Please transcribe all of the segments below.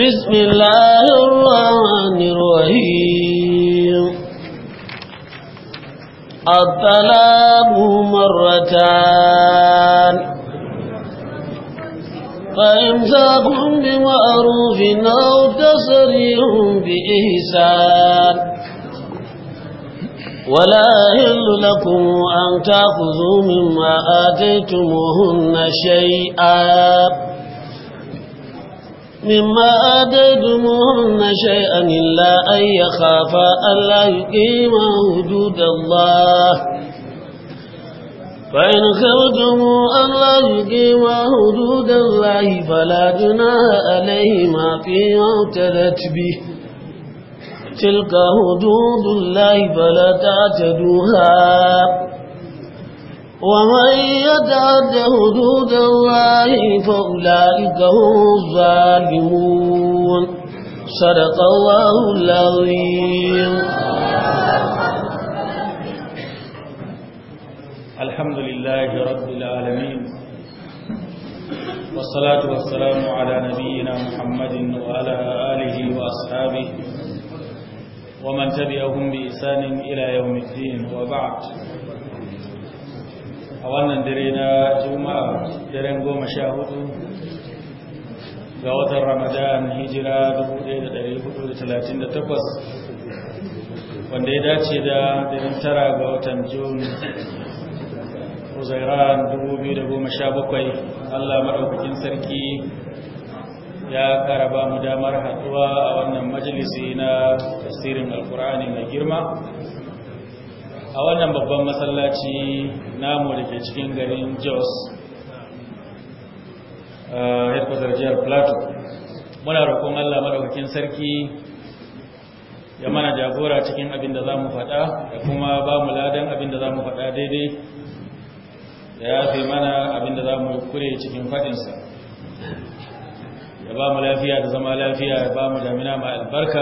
بسم الله الرحمن الرحيم الطلاب مرتان فإمساكم بمعروف أو تسريهم بإحسان ولا يهل لكم أن تأخذوا مما آتيتموهن شيئا مما آتيتموهن شيئا إلا أن يخافا ألا يقيما حدود الله فإن خفتم ألا يقيما حدود الله فلا جناح عليهما فيما اعتدت به تلك حدود الله فلا تعتدوها ومن يتعد حدود الله فأولئك هم الظالمون صدق الله العظيم الحمد لله رب العالمين والصلاة والسلام على نبينا محمد وعلى آله وأصحابه ومن تبعهم بإحسان إلى يوم الدين وبعد أولا درينا جمعة درين قوم شاهدوا قوة الرمضان هجرة بقودة دريه بقودة ثلاثين تقص wanda ya درين ترى darin جون وزيران watan jun huzairan الله مرحبا maɗaukakin sarki ya kara ba mu damar haɗuwa a wannan majalisi na tasirin alkur'ani mai girma a wannan babban masallaci namu da ke cikin garin jos eh, headquarter jihar plateau muna roƙon allah maɗaukakin sarki ya mana jagora cikin abin da za mu faɗa da kuma ba mu ladan abin da za mu faɗa daidai da ya fi mana abin da za mu kure cikin faɗinsa ya ba mu lafiya da zama lafiya ya ba mu damina mai albarka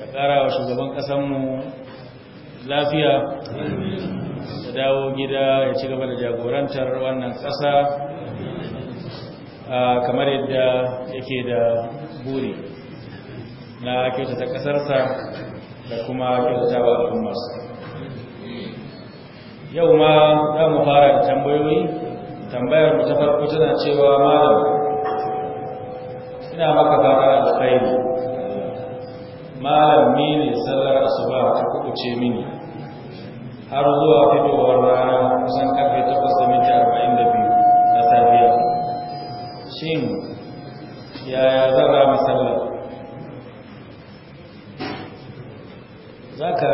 ya ƙara wa shugaban kasanmu lafiya ya dawo gida ya ci gaba da jagorantar wannan ƙasa kamar yadda yake da buri na kyautata ƙasarsa da kuma kyautata wa al'ummarsa yau ma za mu fara da tambayoyi tambayar mu ta farko tana cewa malam ina maka fata alkhairi malami ne sallar asuba ta kuce mini har zuwa fitowar rana kusan karfe 8 da minti 42 na safiya shin yaya zan rama sallar za ka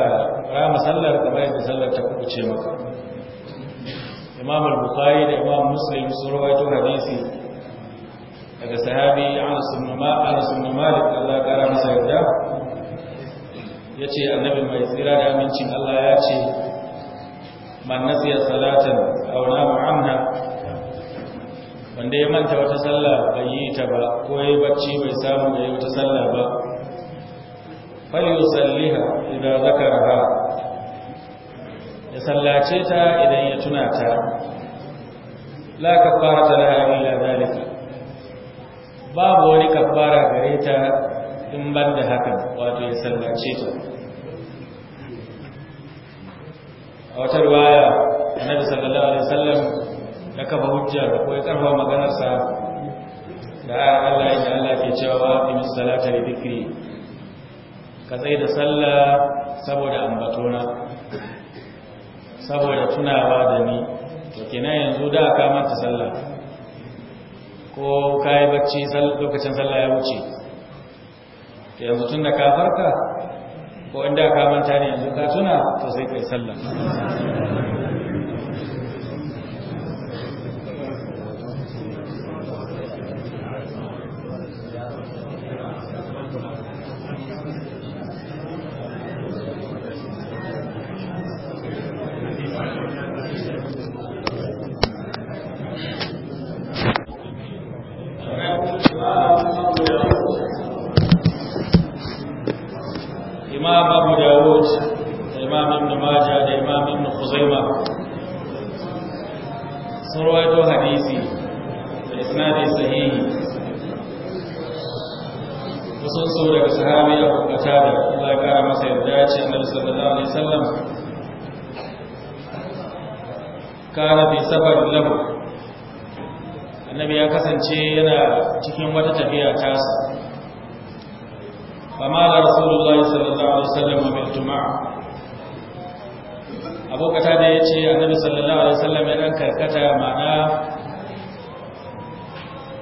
rama sallar kamar yadda sallar ta kuce maka imam al-bukhari da imam muslim sun rawaito hadisi daga sahabi Anas ibn Malik Allah ya kara masa yarda yace annabi mai tsira da amincin Allah ya ce man nasiya salatan aw namu wanda ya manta wata sallah bai yi ta ba ko yayi bacci bai samu da wata sallah ba falyusalliha idza zakaraha ya sallace ta idan ya tuna ta la ta laha illa babu wani kafara gare ta in ban da hakan wato ya sallace ta a wata riwaya annabi sallallahu alaihi wasallam ya kafa hujjar ko ya karfa maganarsa da Allah ya Allah ke cewa aqimis salata da dhikri ka tsai da sallah saboda ambatona saboda tunawa da ni to kenan yanzu da ka manta sallah ko kayi yi bacci lokacin sallah ya wuce to yanzu tun da ka ko inda ka manta ne yanzu ka tuna to sai kai sallah kana fi safar lahu annabi ya kasance yana cikin wata tafiya ta sa fama da rasulullah sallallahu alaihi wasallam tuma abu abokata da yace annabi sallallahu alaihi wasallam ya dan karkata ma'ana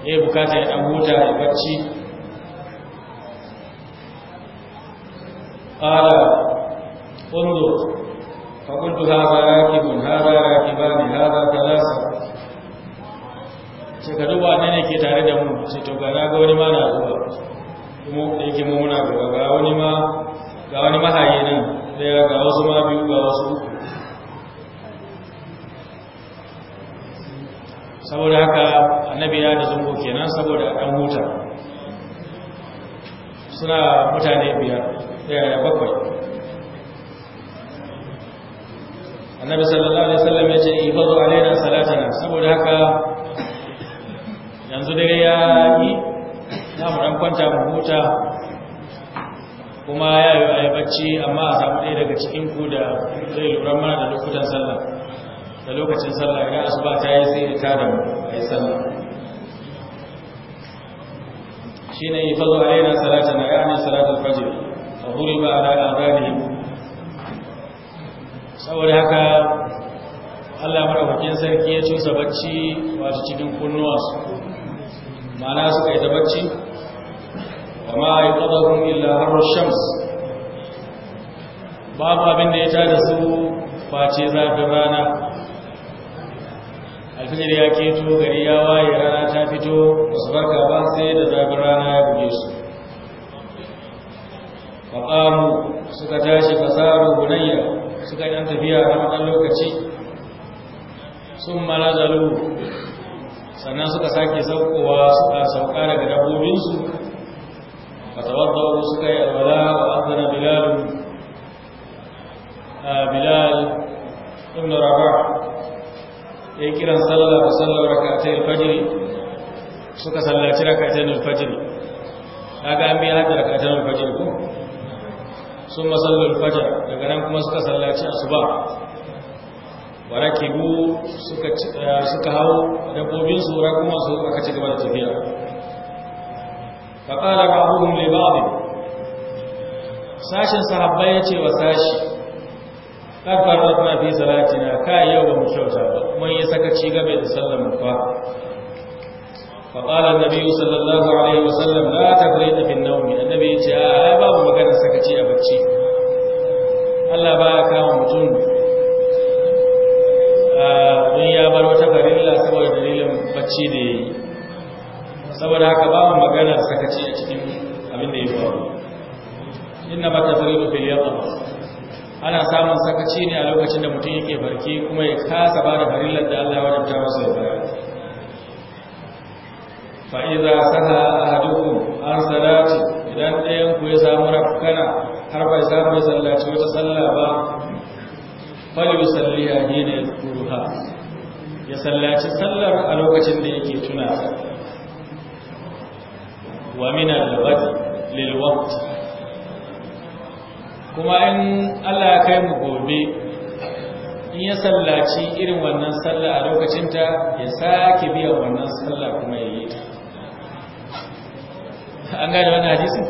ya bukata ya dan huta ya bacci qala unzur فقلت هذا راكب هذا راكبان هذا ثلاثة sai ka duba ne ne ke tare da mu sai to ga na ga wani ma na zuwa kuma da yake mu muna gaba ga wani ma ga wani mahayi nan daya ga wasu ma biyu ga wasu saboda haka annabi ya da zungo kenan saboda a ɗan huta suna mutane biyar daya da bakwai annabi sallallahu alaihi wasallam ya ce ifazu alaina salatana saboda haka yanzu dare ya yi za mu dan kwanta mu huta kuma ya yi ayi bacci amma a samu ɗaya daga cikin ku da zai lura mana da lokutan sallah da lokacin sallah idan asuba ta yi sai ta da a yi sallah shine ifazu alaina salatana ya ana salatul fajr fa huriba ala adhanihim saboda haka Allah madaukakin sarki ya cusa bacci wata cikin kunnuwa su ma'ana suka yi ta bacci amma yi qadahum illa shams babu abin da ya tada su face zafin rana alfijir ya keto gari ya waye rana ta fito su barka ba sai da zafin rana ya buge su Baƙaru suka tashi fasarar hunayya suka yi ɗan tafiya a ɗan lokaci sun mara zaru sannan suka sake saukowa suka sauka daga dabbobinsu a tawaddau suka yi alwala wa azana bilal bilal ibn rabah ya yi kiran sallar da sallar rakatai alfajiri suka sallaci rakatai alfajiri kaga an biya hajjar rakatai alfajiri ko sun masallar fajar daga nan kuma suka sallaci asuba warakibu suka eh, hau tsoron kuma su aka ci gaba da tafiya faƙala ba abubuwan libabin sashen sahabbai ya ce wa sashi ƙarfar na fi salatina kai yau ba mu kyauta ba kuma yi sakaci gaba da sallar mu فقال النبي صلى الله عليه وسلم لا تفريط في النوم النبي يتي آه باب مغانا سكتي أبتشي Allah baya kama mutum don ya bar wata farilla saboda dalilin bacci da ya yi saboda haka babu magana sakaci a cikin abin da ya faru inna ba ta farilu fil yaqaba ana samun sakaci ne a lokacin da mutum yake barke kuma ya kasa ba da farillar da Allah ya wadanta masa ya bayar fa'iza sana ahadukum an salati idan ɗayan ku ya samu rafkana har bai samu ya sallaci wata sallah ba falibu salliya ne da ya kuruha ya sallaci sallar a lokacin da yake tuna wa min al-bad kuma in Allah ya kai mu gobe in ya sallaci irin wannan sallah a lokacinta ya sake biya wannan sallah kuma ya yi ta an gane wani hadisi?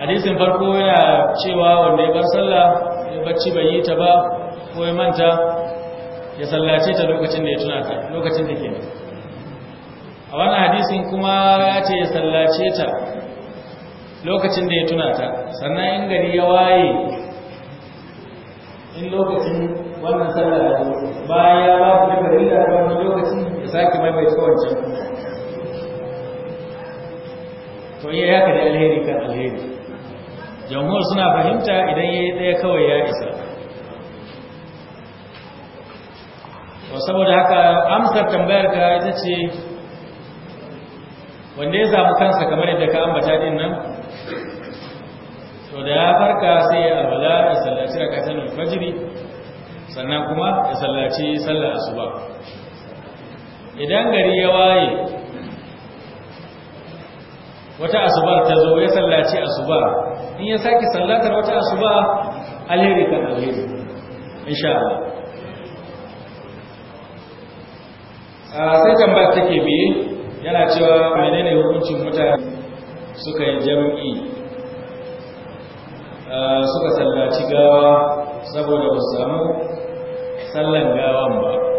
hadisin farko yana cewa wanda ya bar sallah ya bacci bai yi ta ba ko ya manta ya sallace ta lokacin da ya tuna ta lokacin da kenan a wani hadisin kuma ya ce ya sallace ta lokacin da ya tuna ta sannan yin gari ya waye in lokacin wannan sallah da baya babu da farilla da wani lokacin ya sake maimaita wancan to yi ya kada alheri kan alheri jamhur suna fahimta idan ya yi ɗaya kawai ya isa ba saboda haka amsar tambayar ka ita ce wanda ya zaɓi kansa kamar yadda ka ambata din nan to da ya farka sai ya alwala ya sallaci a kasar fajiri sannan kuma ya sallaci sallar asuba idan gari ya waye wata asubar ta zo ya sallaci asuba in ya sake sallatar wata asuba alheri kan alheri insha Allah sai tambayar take bi yana cewa menene hukuncin mutane suka yi jami'i suka sallaci gawa saboda ba samu sallan gawan ba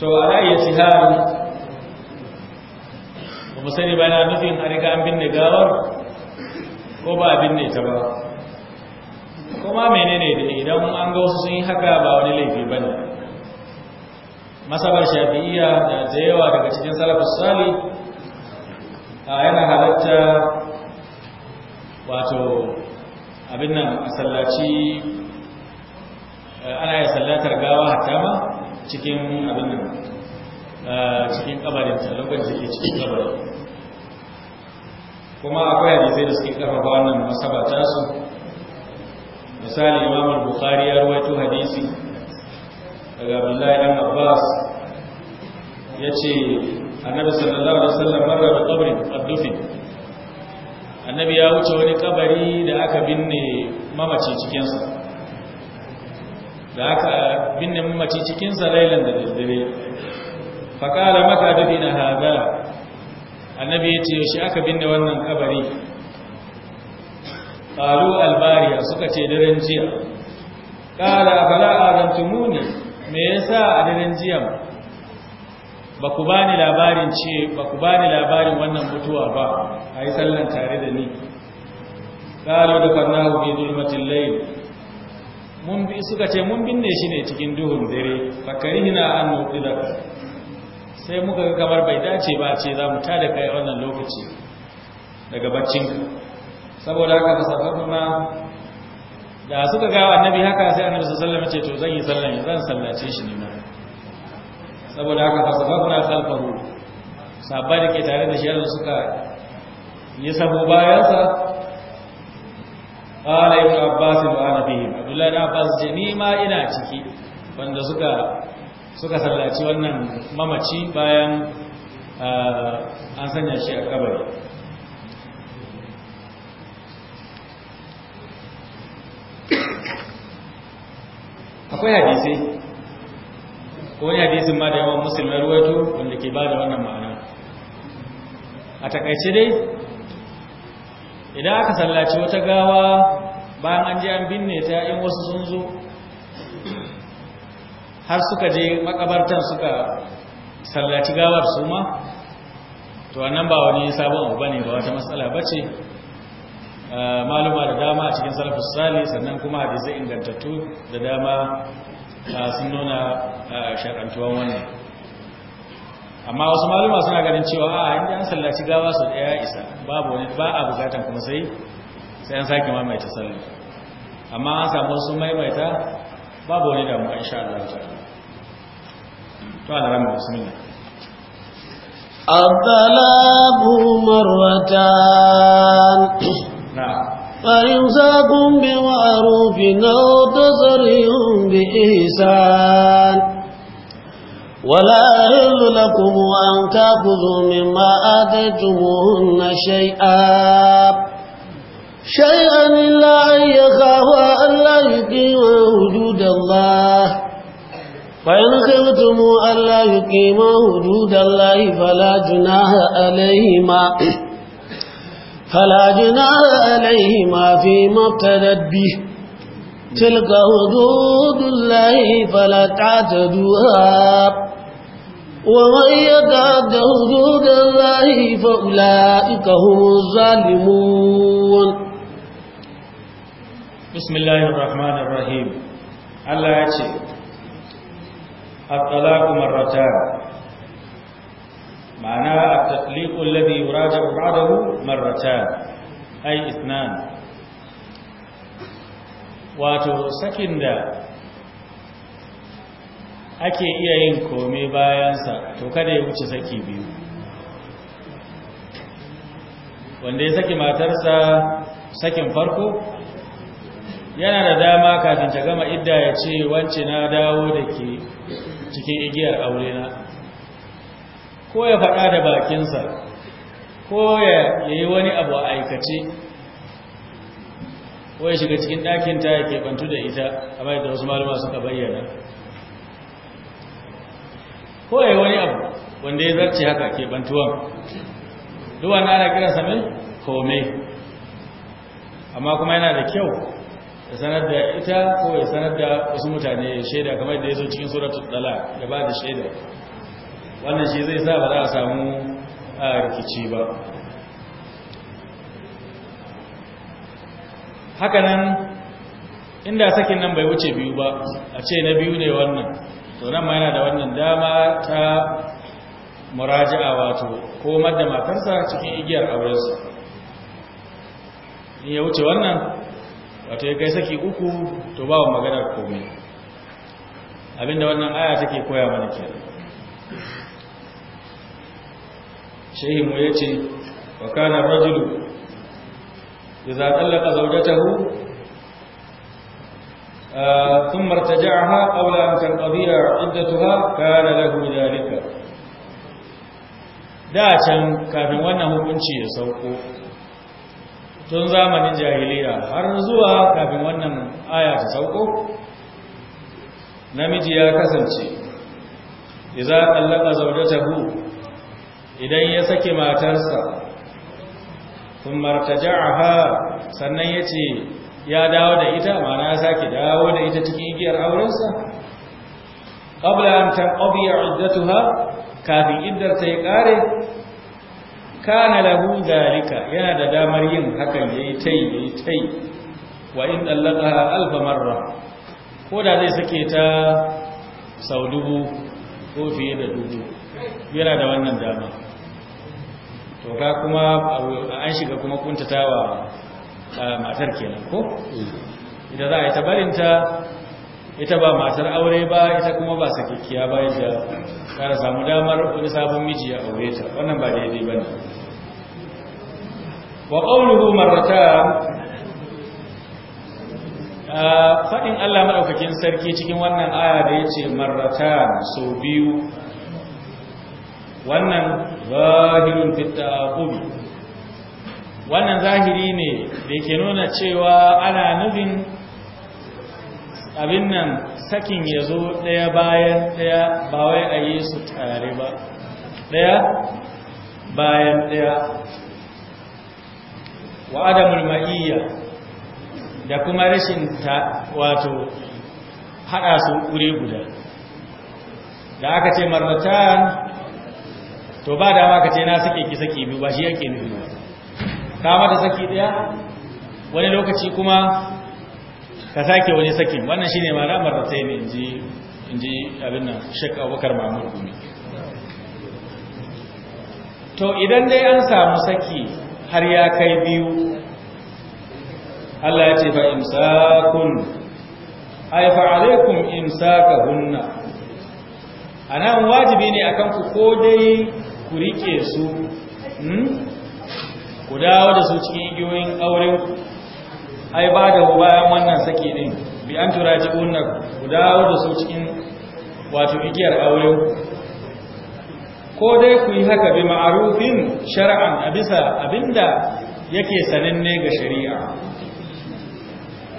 to a ra'ayi sihari ba mu sani ba na nufin a riga an binne gawar ko ba a binne ta ba kuma menene da idan an ga wasu sun yi haka ba wani laifi ba ne masabar shafi'iyya da jayewa daga cikin salafus sali a yana halatta wato abin nan sallaci eh, ana yi sallatar gawa hatta ma cikin abin a eh, cikin kabarin ta lokacin da ke cikin kabarin kuma akwai hadisai da suke karfafa wannan masaba ta su misali imam al-bukhari ya rawaito hadisi daga abdullahi dan abbas ya ce annabi sallallahu alaihi wasallam marra da kabarin qaddufin annabi ya wuce wani kabari da aka binne mamaci cikinsa da aka binne mamaci cikin zalailan da daddare faƙala maka dafi na haza annabi ya ce yaushe aka binne wannan kabari ƙaru albariya suka ce daren jiya ƙala fala azantumu ne me yasa a daren jiya ba ku bani labarin ce ba ku bani labarin wannan mutuwa ba a yi sallan tare da ni ƙalu da farnahu bi zulmatin layl mun bi suka ce mun binne shi ne cikin duhun dare hina an nudila sai muka ga kamar bai dace ba ce za mu tada kai wannan lokaci daga baccin saboda haka musafafuna da suka ga annabi haka sai annabi sallallahu alaihi wasallam ce to zan yi sallah zan sallace shi ne ma saboda haka fasafafuna khalfahu sabbai da ke tare da shi yanzu suka yi sabo bayansa qala ibn abbas wa ana fihi abdullahi ibn abbas jami ma ina ciki wanda suka sallaci wannan mamaci bayan ah, an sanya shi a kabari akwai hadisi Ko wani hadisin ma da yawan musulmai ruwaito wanda ke ba da wannan ma'ana a takaice dai idan aka sallaci wata gawa bayan an je an binne ta in wasu sun zo har suka je makabartan suka sallaci gawar su ma to wannan ba wani sabon abu bane ba wata matsala ba ce. Ah, maluma da dama a cikin salafus sali sannan kuma hadisi ingantattu da dama ah, sun nuna ah, shar'antuwan wannan amma wasu maluma suna ganin cewa a inda an sallaci gawa su daya isa babu wani ba a bukatan kuma sai sai an sake maimaita sallar amma an samu su maimaita babu wani damuwa insha Allah ta'ala to Allah rahmu bismillah الطلاق مرتان نعم فإمساكم بمعروف أو تسرهم بإحسان ولا يحل لكم أن تأخذوا مما آتيتموهن شيئا شيئا إلا أن يخافا لا يقيما وجود الله فإن خفتم لا يقيما وجود الله فلا جناح عليهما فلا جناح عليهما فيما ابتدت به تلك حدود الله فلا تعتدوها ومن يتعد حدود الله فأولئك هم الظالمون بسم الله الرحمن الرحيم الله يأتي الطلاق مرتان معناها التطليق الذي يراجع بعده مرتان أي اثنان واتو سكن ake iya yin kome bayansa to kada ya wuce saki biyu wanda ya saki matarsa sakin farko yana da dama kafin ta gama idda ya ce wance na dawo da ke cikin igiyar aurena ko ya faɗa da bakinsa ko ya yi wani abu a aikace ko ya shiga cikin ɗakinta ya keɓantu da ita a bai da wasu malama suka bayyana ko ya wani abu wanda ya zarce haka ke bantuwan duwa na ana kira mai kome amma kuma yana da kyau ya sanar da ita ko ya sanar da wasu mutane ya shaida kamar da ya zo cikin suratul dala ya ba da shaida wannan shi zai sa ba za a samu a rikici ba hakanan inda sakin nan bai wuce biyu ba a ce na biyu ne wannan to nan ma yana da wannan dama ta muraji'a wato ko da matarsa cikin igiyar aurensa in ya wuce wannan wato ya kai saki uku to ba wa maganar komai abinda wannan aya take koya mana ke shehi mu yace wa kana rajulu idza talaqa zawjatahu ثم ارتجعها أولى أن تنقضي عدتها كان له ذلك da can kafin wannan hukunci ya sauko tun zamani jahiliya har zuwa kafin wannan aya ta sauko namiji ya kasance iza allaka zaujatahu idan ya sake matarsa kun martajaha sannan yace ya dawo da ita mana ya sake dawo da ita cikin igiyar aurensa qabla an tanqadiya iddatuha kafin iddar ta yi kare kana lahu dalika yana da damar yin hakan yayi tai yayi tai wa in dallaqaha alf marra ko da zai sake ta sau dubu ko fiye da dubu yana da wannan dama to ka kuma an shiga kuma kuntatawa matar kenan ko idan za a yi ta barinta ita ba matar aure ba ita kuma ba sakakkiya ba yadda kara samu damar wani sabon miji ya aure ta wannan ba daidai ba ne wa ƙaunuhu marrata faɗin allah maɗaukakin sarki cikin wannan aya da ya ce marrata sau biyu wannan zahirin fitta ƙubi wannan zahiri ne da ke nuna cewa ana nufin abin nan sakin ya zo ɗaya bayan ɗaya ba wai a yi su tare ba ɗaya bayan ɗaya wa adamul ma'iyya da kuma rashin ta wato haɗa su wuri guda da aka ce marmatan to ba da ka ce na sake ki sake biyu ba shi yake nufi ba kama da saki daya wani lokaci kuma ka sake wani saki. wannan shine ma ramar da ta yi inji inji abin nan shek Abubakar mamur Gumi to idan dai an samu saki har ya kai biyu Allah ya ce fa imsakun ay fa alaikum A anan wajibi ne akan ku ko dai ku rike su hmm? ku dawo da su cikin igiyoyin auren ai ba da bayan wannan saki din bi an tura ji unna ku dawo da su cikin wato igiyar auren ko dai ku yi haka bi ma'arufin shar'an a bisa abinda yake sananne ga shari'a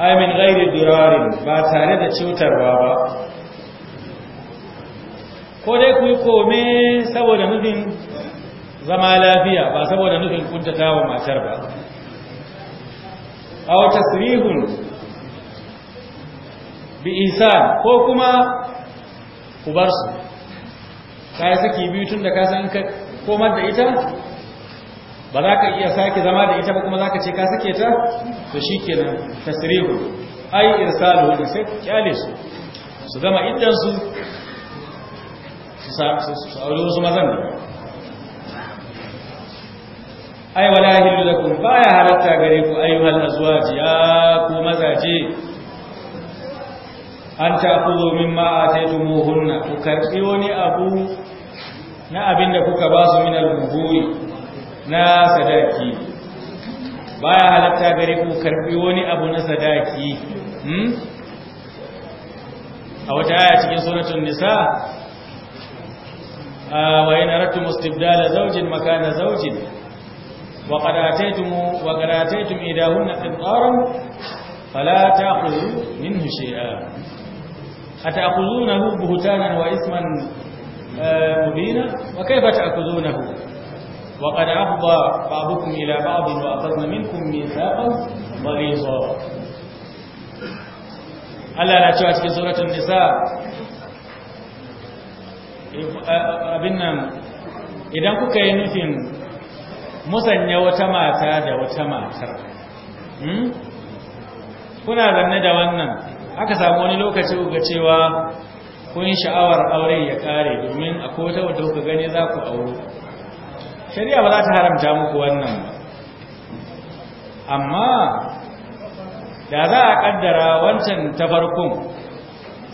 ai min ghairi durarin ba tare da cutarwa ba ko dai ku yi kome saboda nufin zama lafiya ba saboda nufin kunta wa matar ba A wata sirihun bi isa ko kuma ku bar su yi saki biyu tun da ka san komar da ita ba za ka iya sake zama da ita ba kuma za ka ce ka sake ta shi ta tasirihu ai irsalu da sai kyale su su gama iddansu su sa'adu su mazan da ai wala yahillu lakum baya halatta gare ku ayyuhal azwaj ya ku mazaje an ta'khudhu mimma ataytumuhunna ku karbi wani abu na abin kuka ba su min al-buhuri na sadaki baya halatta gare ku karbi wani abu na sadaki hmm a wata aya cikin suratul nisa ah, wa in aratum istibdala zawjin makana zawjin وقد آتيتم وقد آتيتم إذاهن قطارا فلا تأخذوا منه شيئا أتأخذونه بهتانا وإثما آه، مبينا وكيف تأخذونه وقد أفضى بعضكم إلى بعض وأخذنا منكم ميثاقا غليظا ألا لا تؤتي سورة النساء آه، آه، أبنا إذا nan idan musanya wata mata da wata matar hmm? kuna zanne da wannan aka samu wani lokaci ga cewa kun sha'awar aure ya kare domin a kota wata kuka gani za ku auro shari'a ba za ta haramta muku wannan amma da za a kaddara wancan ta farkon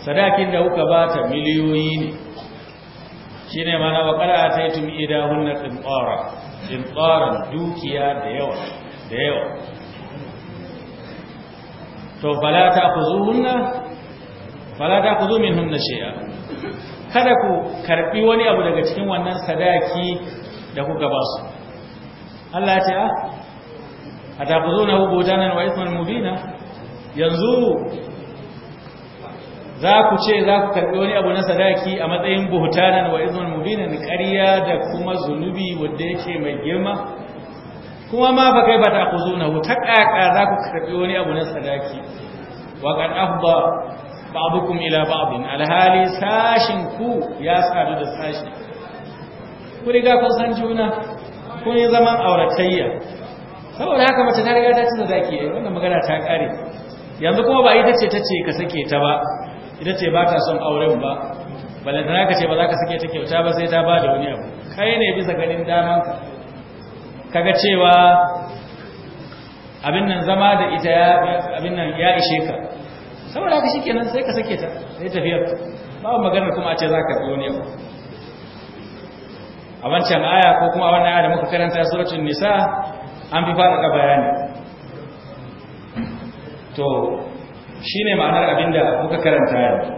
sadakin da kuka ba ta miliyoyi ne shi ne mana wa kada ta yi tumi idahun na tsimkora tsintsaran dukiya da yawa da yawa to fala ta kuzuhunna fala ta kuzu hunna shay'a kada ku karbi wani abu daga cikin wannan sadaki da kuka ba su Allah ya ce ah, a atakuzunahu budanan wa ismul mubina yanzu za ku ce za ku karɓi wani abu na sadaki a matsayin buhutanan wa izman mubinin ƙarya da kuma zunubi wadda yake mai girma kuma ma fa kai ba ta ku zuna ta ƙaƙa za ku karɓi wani abu na sadaki wa qad afda kuma ila ba'din alhali sashin ku ya sadu da sashi ku riga kun san juna kun yi zaman auratayya saboda haka mace ta riga ta ci sadaki wannan magana ta ƙare. yanzu kuma ba ita ce ta ce ka sake ta ba ita ce ba ta son auren ba balantana ka ce ba za ka sake ta kyauta ba sai ta ba da wani abu kai ne bisa ganin Ka kaga cewa abin nan zama da ita abin nan ya ishe ka saboda haka nan sai ka sake ta sai tafiyar babu maganar kuma a ce za ka biyo ne a wancan aya ko kuma a wannan aya da muka karanta suratul nisa an fi faɗaɗa bayani to Shi ne ma'anar abinda muka karanta yanzu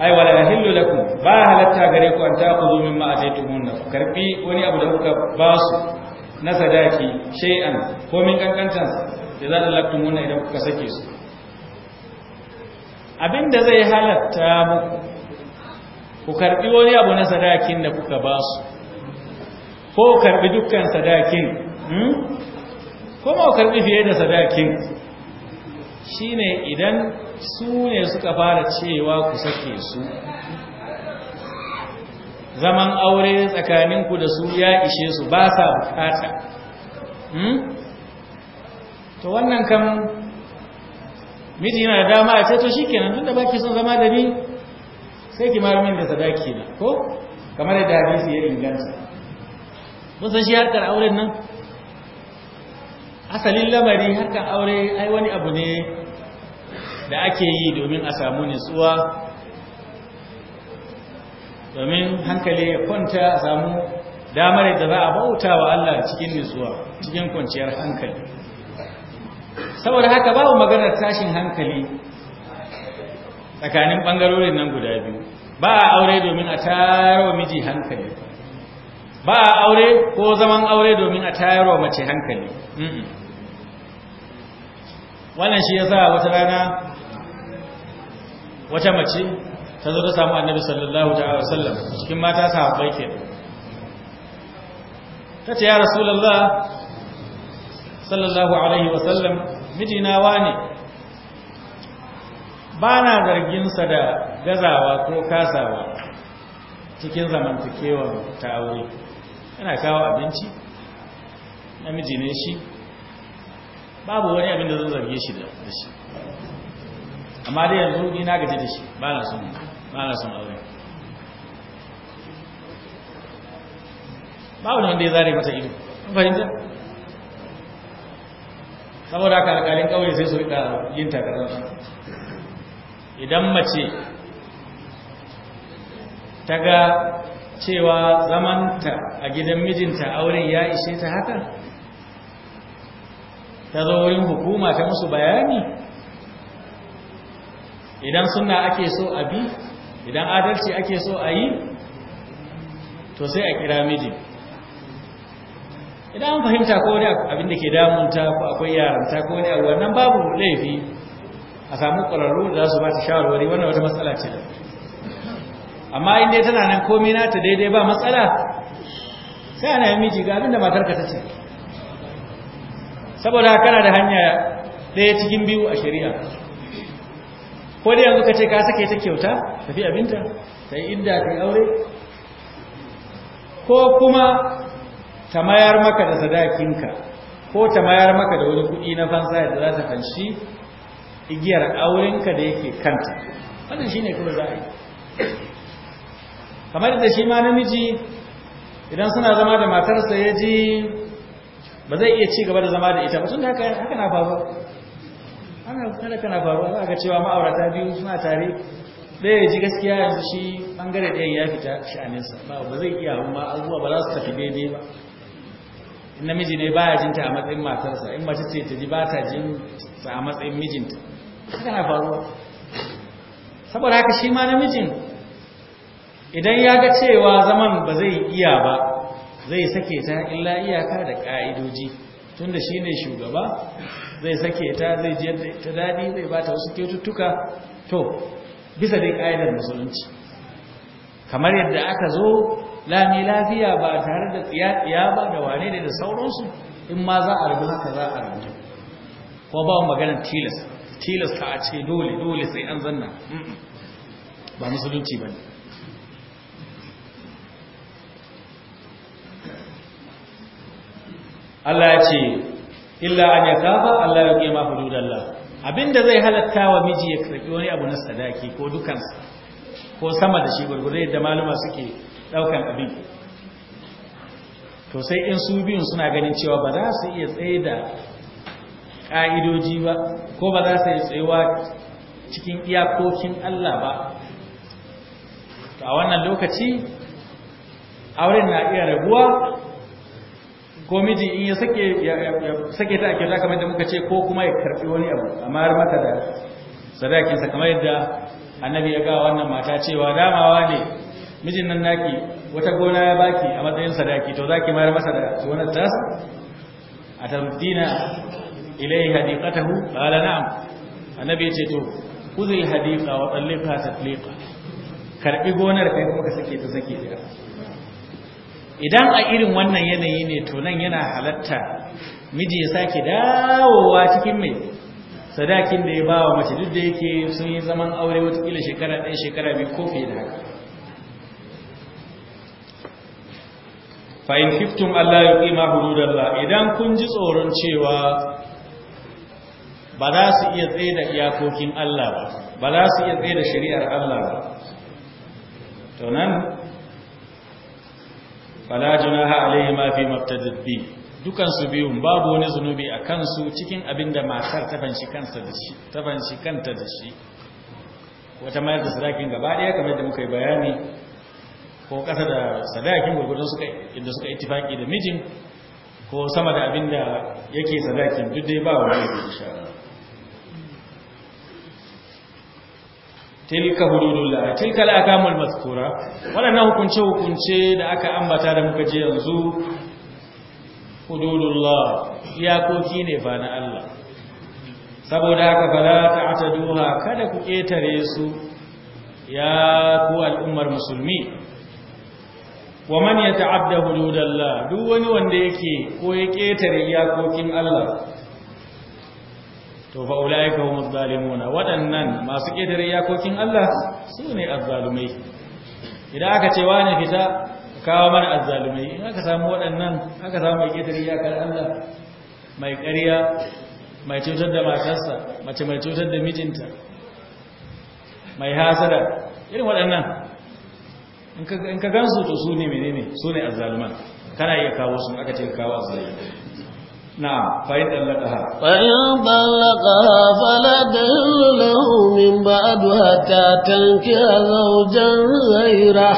ai wala yahillu lakum ba halatta gare ku an ta'khudhu mimma ataytumunna ku karfi wani abu da kuka ba su na sadaki shay'an ko min kankantan da za a lakta munna idan kuka sake su abinda zai halatta muku ku karbi wani abu na sadakin da kuka ba su ko karbi dukkan sadakin hmm? ko ma karbi fiye da sadakin shine idan su ne suka fara cewa ku sake su zaman aure tsakaninku da su ya ishe su ba sa bukata hmm? to wannan kan miji yana da dama a ce to da ba baki son zama da ni sai ki mara min da sadaki na ko kamar da hadisi ya inganta mun san shi harkar auren nan asalin lamari harkan aure ai wani abu ne da ake yi domin a samu nitsuwa domin hankali ya kwanta a samu damar da za a bauta wa Allah cikin nitsuwa cikin kwanciyar hankali saboda haka babu maganar tashin hankali tsakanin bangarorin nan guda biyu ba a aure domin a tara miji hankali ba a aure ko zaman aure domin a tayarwa mace hankali wannan shi ya sa wata rana wata mace ta zo ta samu annabi sallallahu ta'ala sallam cikin mata sahabbai ke ta ce ya lalla sallallahu alaihi wasallam mijina wane ba na zarginsa da gazawa ko kasawa cikin zamantakewar ta aure yana kawo abinci namiji ne shi babu wani abin da zan zarge shi da shi amma dai yanzu ni na gaji da shi ba na son ba na aure babu wanda ya zare mata ido an fahimta saboda haka alƙalin ƙauye sai su rika yin takarar idan mace ta ga cewa zamanta a gidan mijinta auren ya ishe ta haka ta zo wurin hukuma ta musu bayani idan suna ake so a bi idan adalci ake so a yi to sai a kira miji, idan an fahimta ko wani abin ke damunta ko akwai yaranta ko wani abu wannan babu laifi a samu kwararru da za su ba ta shawarwari wannan wata matsala ce amma inda dai tana nan komai nata daidai ba matsala sai ana miji ga abinda matarka ta ce saboda kana da hanya daya cikin biyu a shari'a ko da yanzu ka ce ka sake ta kyauta tafi abinta ta yi idda ta aure ko kuma ta mayar maka da sadakinka ko ta mayar maka da wani kuɗi na fansa da za ta fanshi igiyar aurenka da yake kanta wannan shine kuma za kamar da shi ma namiji idan suna zama da matarsa ya ji ba zai iya ci gaba da zama da ita ba tun da haka na faruwa ana talaka na faruwa za a ga cewa ma'aurata biyu suna tare ɗaya ya ji gaskiya yanzu shi ɓangare ɗayan ya fita sha'aninsa ba zai iya ma abubuwa ba za su tafi daidai ba in namiji ne baya jinta a matsayin matarsa in mace ce ta ji ba ta jin sa a matsayin mijinta haka na faruwa saboda haka shi ma namijin idan ya ga cewa zaman ba zai iya ba zai sake ta illa iyaka da ka'idoji tunda shine shugaba zai sake ta zai je ta dadi zai ta wasu kyaututtuka to bisa dai ka'idar musulunci kamar yadda aka zo lami lafiya ba tare da tsiya ba da wane ne da sauransu in ma za a rabu haka za a rabu ko ba maganar tilas tilas ka a ce dole dole sai an zanna ba musulunci ba ne Allah ya ce illa an ya kafa, Allah ya kiyama hududallah abinda zai halatta wa miji ya karbi wani abu na sadaki ko dukansa ko sama da shi gurgurai da maluma suke daukan abin to sai in su biyun suna ganin cewa ba za su iya tsaye da ƙa'idoji ba ko ba za su iya tsayuwa cikin iyakokin Allah ba to a wannan lokaci auren na iya raguwa. ko miji in ya sake ta a kamar da muka ce ko kuma ya karfi wani abu amma har mata da sadakinsa kamar yadda annabi ya ga wannan mata cewa damawa ne mijin nan naki wata gona ya baki a matsayin sadaki to zaki mayar masa da wannan tas ataruddina ilayhi hadiqatahu qala na'am annabi ya ce to kuzil hadiqa wa talliqa tatliqa karbi gonar kai kuma ka sake ta sake ta idan a irin wannan yanayi ne to nan yana halatta miji ya sake dawowa cikin mai sadakin da ya ba wa mace duk da yake sun yi zaman aure watakila shekara ɗaya shekara biyu ko fiye da haka fa'in fiftun Allah ya da Allah idan kun ji tsoron cewa ba za su iya tsaye da iyakokin Allah ba za su iya tsaye da shari'ar Allah ba to nan fala junaha alaihima fi mabtadat bi dukan biyun babu wani zunubi a kansu cikin abinda matar ta da shi ta kanta da shi wata mayar da sadakin gaba daya kamar da muka yi bayani ko kasa da sadakin gurgurdun suka inda suka ittifaki da mijin ko sama da abinda yake sadakin duk dai ba wani da insha tilka hududullah tilka al-akamul mazkura wadannan hukunce hukunce da aka ambata da muka je yanzu hududullah iyakoki ne fa na Allah saboda haka fala ta'taduha kada ku ketare su ya ku al'ummar musulmi wa man yata'adda hududallah duk wani wanda yake ko ya ketare iyakokin Allah to fa ulaika humu zalimuna waɗannan masu ƙetare yakokin Allah su ne azzalumai idan aka ce wani fita kawo mana azzalumai in aka samu waɗannan aka samu mai ƙetare iyakar Allah mai ƙarya mai cutar da matarsa mace mai cutar da mijinta mai hasada irin waɗannan in ka gansu to su ne menene su ne azzaluman kana iya kawo su aka ce kawo azzalumai نعم فإن طلقها فإن طلقها فلا تحل له من بعد حتى تنكح زوجا غيره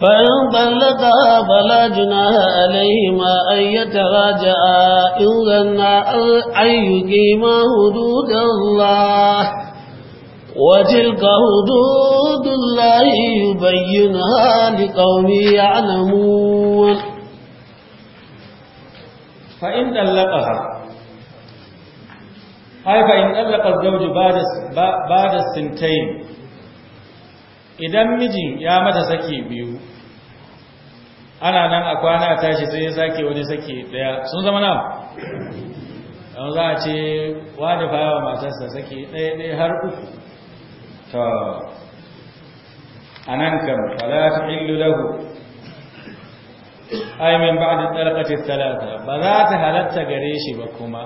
فإن طلقها فلا جناح عليهما أن يتراجعا إن ظنا أن يقيما حدود الله وتلك حدود الله يبينها لقوم يعلمون fa in dallaqaha ai fa in dallaqa az-zawj ba'da ba'da idan mijin ya mata saki biyu ana nan a kwana tashi sai ya sake wani saki daya sun zama nan yanzu za a ce wani fawa matarsa saki daya daya har uku ta anan kam fala illu ai min ba'da talaqati talata ba za ta halatta gare shi ba kuma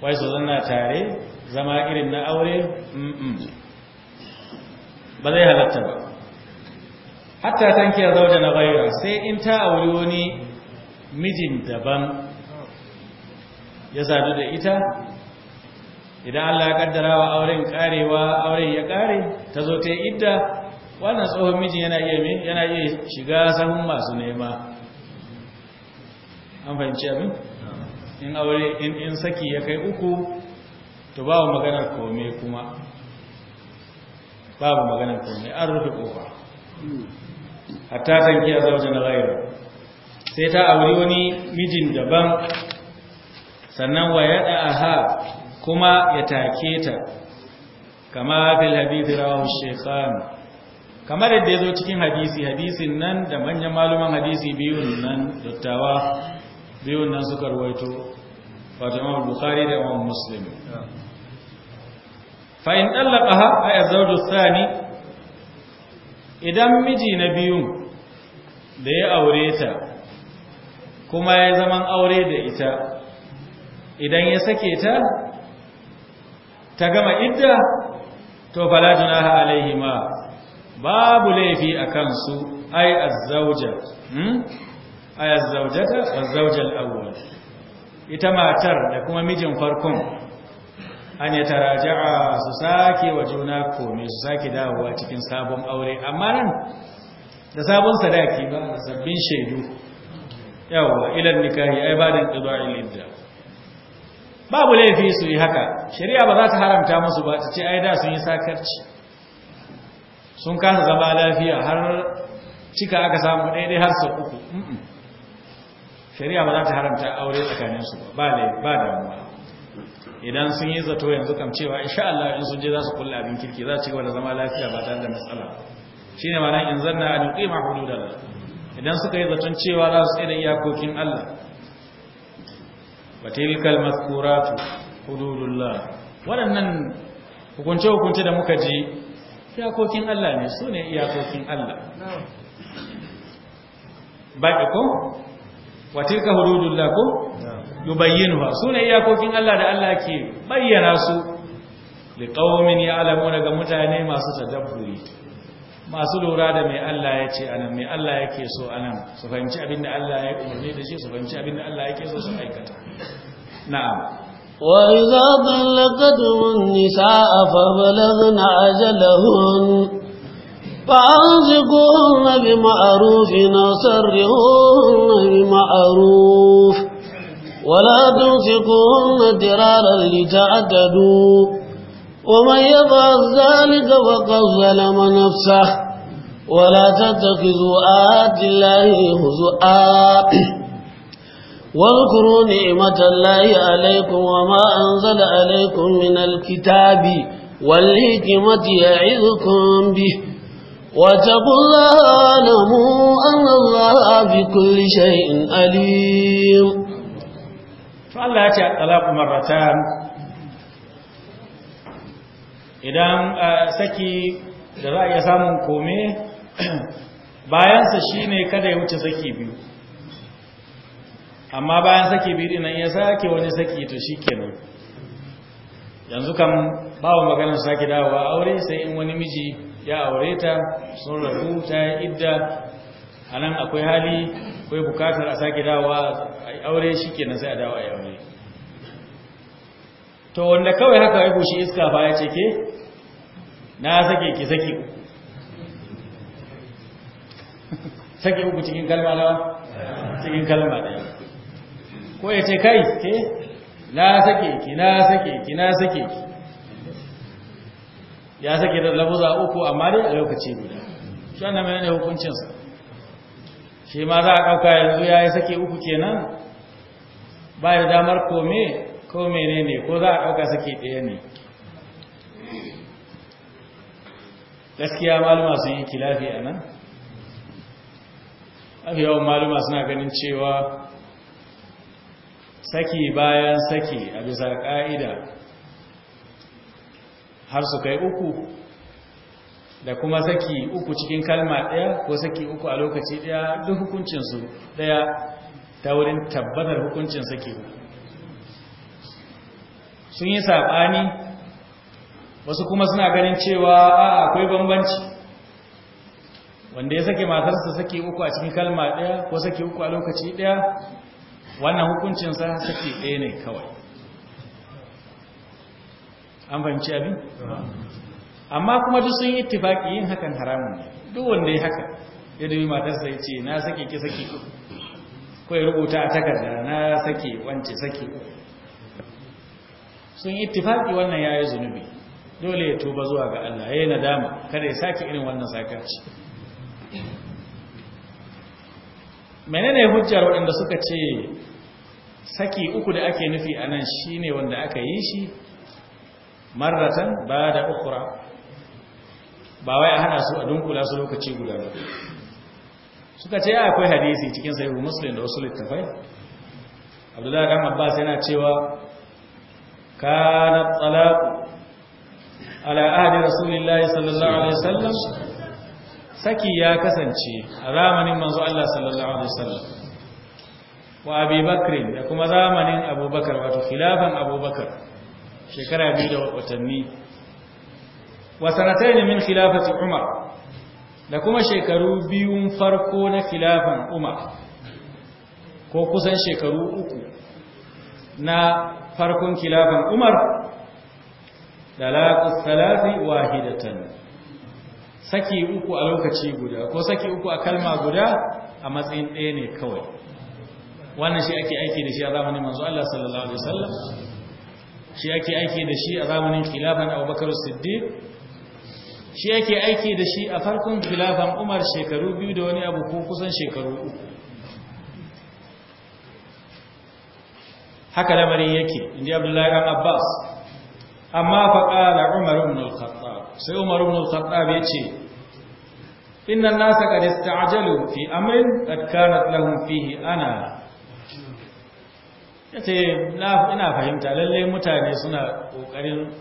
wai su zanna tare zama irin na aure ba zai halatta ba hatta tankiya zauja na bayyana sai in ta auri wani mijin daban ya sadu da ita idan Allah ya kaddara wa auren karewa auren ya kare ta zo ta yi idda wannan tsohon mijin yana iya yana iya shiga sahun masu nema an fahimci abin in aure in in saki ya kai uku to babu maganar kome kuma babu maganar kome an rufe kofa hatta san kiya zaujan rayu sai ta aure wani mijin daban sannan wa yada aha kuma ya take ta kama fil hadith rawahu shaykhan kamar yadda ya zo cikin hadisi hadisin nan da manyan maluman hadisi biyun nan dattawa biyun nan suka ruwaito wato imam bukhari da imam muslim fa in talaqaha ay azwaju thani idan miji na biyun da ya aure ta kuma ya zaman aure da ita idan ya sake ta ta gama idda to fala junaha alaihima babu laifi a kansu ai azzauja hmm? ai azzaujata azzaujal awwal ita matar da kuma mijin farkon an ya taraja'a su sake wa juna kome su sake dawowa cikin sabon aure amma nan da sabon sadaki ba da sabbin shaidu yawa ilan nikahi ai ba da qida'il babu laifi su yi haka shari'a ba za ta haramta musu ba ta ce ai da sun yi sakarci sun kasa zama lafiya har cika aka samu daidai har sau uku shari'a ba za ta haramta aure tsakaninsu ba ba ba. idan sun yi zato yanzu kam cewa insha Allah in sun je za su kulla abin kirki za su cigaba da zama lafiya ba tare da matsala shine ma nan in zanna an yuqima hududallah idan suka yi zaton cewa za su tsaya iyakokin Allah watilkal Maskuratu, hududullah waɗannan hukunce hukunce da muka ji iyakokin Allah ne su ne iyakokin Allah baƙi ko wata ka hududun lako ba su ne iyakokin Allah da Allah ke bayyana su da ƙaumin ya alamu daga mutane masu tadabburi masu lura da mai Allah ya ce anan mai Allah ya ke so anan su fahimci abin da Allah ya umarni da shi su fahimci abin da Allah ya ke so su aikata na'am وإذا طلقتم النساء فبلغن أجلهن فأنزقوهن بمعروف وسرهوهن بمعروف ولا تنصقوهن درارا لتعتدوا ومن يفعل ذلك فقد ظلم نفسه ولا تتخذوا آيات الله هزؤا واذكروا نعمة الله عليكم وما أنزل عليكم من الكتاب والحكمة يعذكم به واتقوا الله واعلموا أن الله في كل شيء أليم فالله يتعى الطلاق مرتان idan saki da za a iya samun kome bayansa shine kada ya wuce saki biyu amma bayan saki biyu nan ya sake wani saki to shi kenan yanzu kan bawa maganar sake dawowa aure sai in wani miji ya aure ta sun rabu ta idda a nan akwai hali akwai bukatar a sake dawowa a aure shi kenan sai a dawo a aure to wanda kawai haka ya bushe iska ba ya ce ke na sake ki sake uku sake uku cikin kalma nawa cikin kalma ɗaya ko ya ce kai ke na sake ki na sake ki na sake ki ya sake da labuza uku amma dai a lokaci guda shi wannan mai ne hukuncinsa shi ma za a ɗauka yanzu ya yi sake uku kenan ba da damar kome ko mene ne ko za a ɗauka sake ɗaya ne gaskiya maluma sun yi kilafi a nan a yawan maluma suna ganin cewa saki bayan saki a bisa ƙa'ida har su kai uku da kuma saki uku cikin kalma ɗaya ko saki uku a lokaci ɗaya duk hukuncinsu ɗaya ta wurin tabbatar hukuncin saki sun yi saɓani wasu kuma suna ganin cewa a akwai bambanci wanda ya sake matarsa saki uku a cikin kalma ɗaya ko saki uku a lokaci ɗaya wannan hukuncin sa saki ɗaya ne kawai an fahimci abin amma kuma duk sun yi tifaƙi yin hakan haramun ne duk wanda ya haka ya dubi matarsa ya ce na sake ki saki ko ya rubuta a takarda na sake wance sake sun yi tifaƙi wannan ya yi zunubi dole ya tuba zuwa ga Allah ya yi nadama kada ya sake irin wannan sakarci menene hujjar waɗanda suka ce saki uku da ake nufi a nan shi ne wanda aka yi shi marratan ba da ukura ba wai a hana su a dunkula su lokaci guda ba suka ce akwai hadisi cikin sayi musulun da wasu littafai abdullahi ɗan abbas yana cewa na tsala ala ahdi rasulillahi sallallahu alaihi wasallam saki ya kasance a zamanin manzo Allah sallallahu alaihi wasallam wa Abi Bakr da kuma zamanin Abu Bakar wato khilafan Abu Bakar shekara biyu da watanni wa sanatayn min khilafati Umar da kuma shekaru biyun farko na khilafan Umar ko kusan shekaru uku na farkon khilafan Umar dalaqu salasi wahidatan saki uku a lokaci guda ko saki uku a kalma guda a matsayin ɗaya ne kawai wannan shi ake aiki da shi a zamanin manzo Allah sallallahu alaihi wasallam shi ake aiki da shi a zamanin khilafan Abubakar Siddiq shi ake aiki da shi a farkon khilafan Umar shekaru biyu da wani abu ko kusan shekaru uku haka lamarin yake inji Abdullahi ibn Abbas amma fa qala Umar ibn al-Khattab sai Umar ibn al-Khattab yace إن الناس قد استعجلوا في أمر قد كانت لهم فيه أنا yace ina fahimta lalle mutane suna kokarin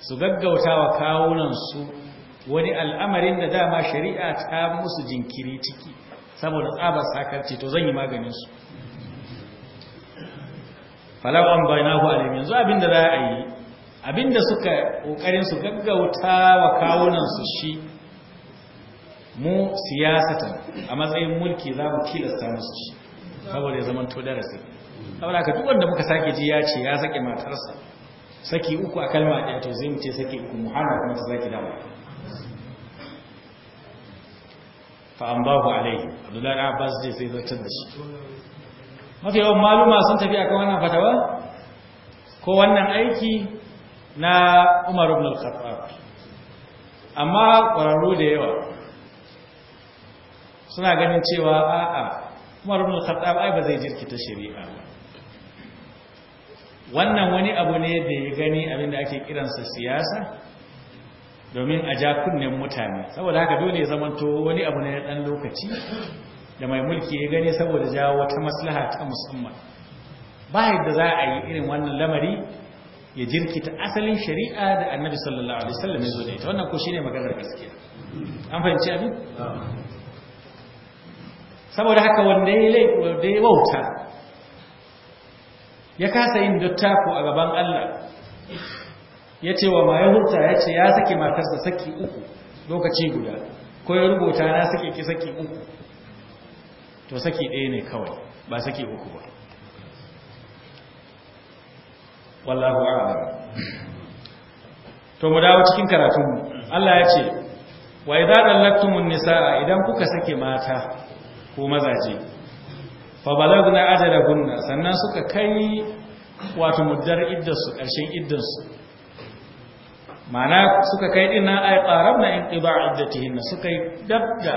su gaggauta wa kawunan su wani al'amarin da dama shari'a ta musu jinkiri ciki saboda tsabar sakarci to zan yi maganin su falakon bainahu alim yanzu abinda za a yi abinda suka kokarin su gaggauta wa kawunan su shi mu siyasatan a matsayin mulki za mu tilasta musu shi saboda ya zama to darasi saboda ka duk wanda muka sake ji ya ce ya sake matarsa saki uku a kalma ɗaya to zai mu ce saki uku mu hana kuma ta saki dawo fa an bahu alaihi abdullahi da abbas zai sai zartar da shi mafi yawan maluma sun tafi akan wannan fatawa ko wannan aiki na umar ibn al-khattab amma ƙwararru da yawa suna ganin cewa a'a umar ibn khattab ai ba zai jirkita shari'a ba wannan wani abu ne da ya gani abinda ake kiransa siyasa domin a ja kunnen mutane saboda haka dole ya zamanto wani abu ne na dan lokaci da mai mulki ya gani saboda jawo wata maslaha ta musamman ba yadda za a yi irin wannan lamari ya jirkita asalin shari'a da annabi sallallahu alaihi wasallam ya zo da ita wannan ko shine maganar gaskiya an fahimci abin saboda haka wanda ya wanda wauta ya kasa yin dattako a gaban Allah ya ce wa ma ya hurta ya ce ya sake matarsa saki uku lokaci guda ko ya rubuta na sake ki saki uku to saki ɗaya ne kawai ba saki uku ba wallahu a'lam to mu dawo cikin karatunmu Allah ya ce wa idza dallaktumun nisaa idan kuka sake mata ko mazaje fa balagna ajalahunna sannan suka kai wato muddar iddarsu ƙarshen iddarsu mana suka kai na ay qarabna in qiba iddatihin suka yi dabda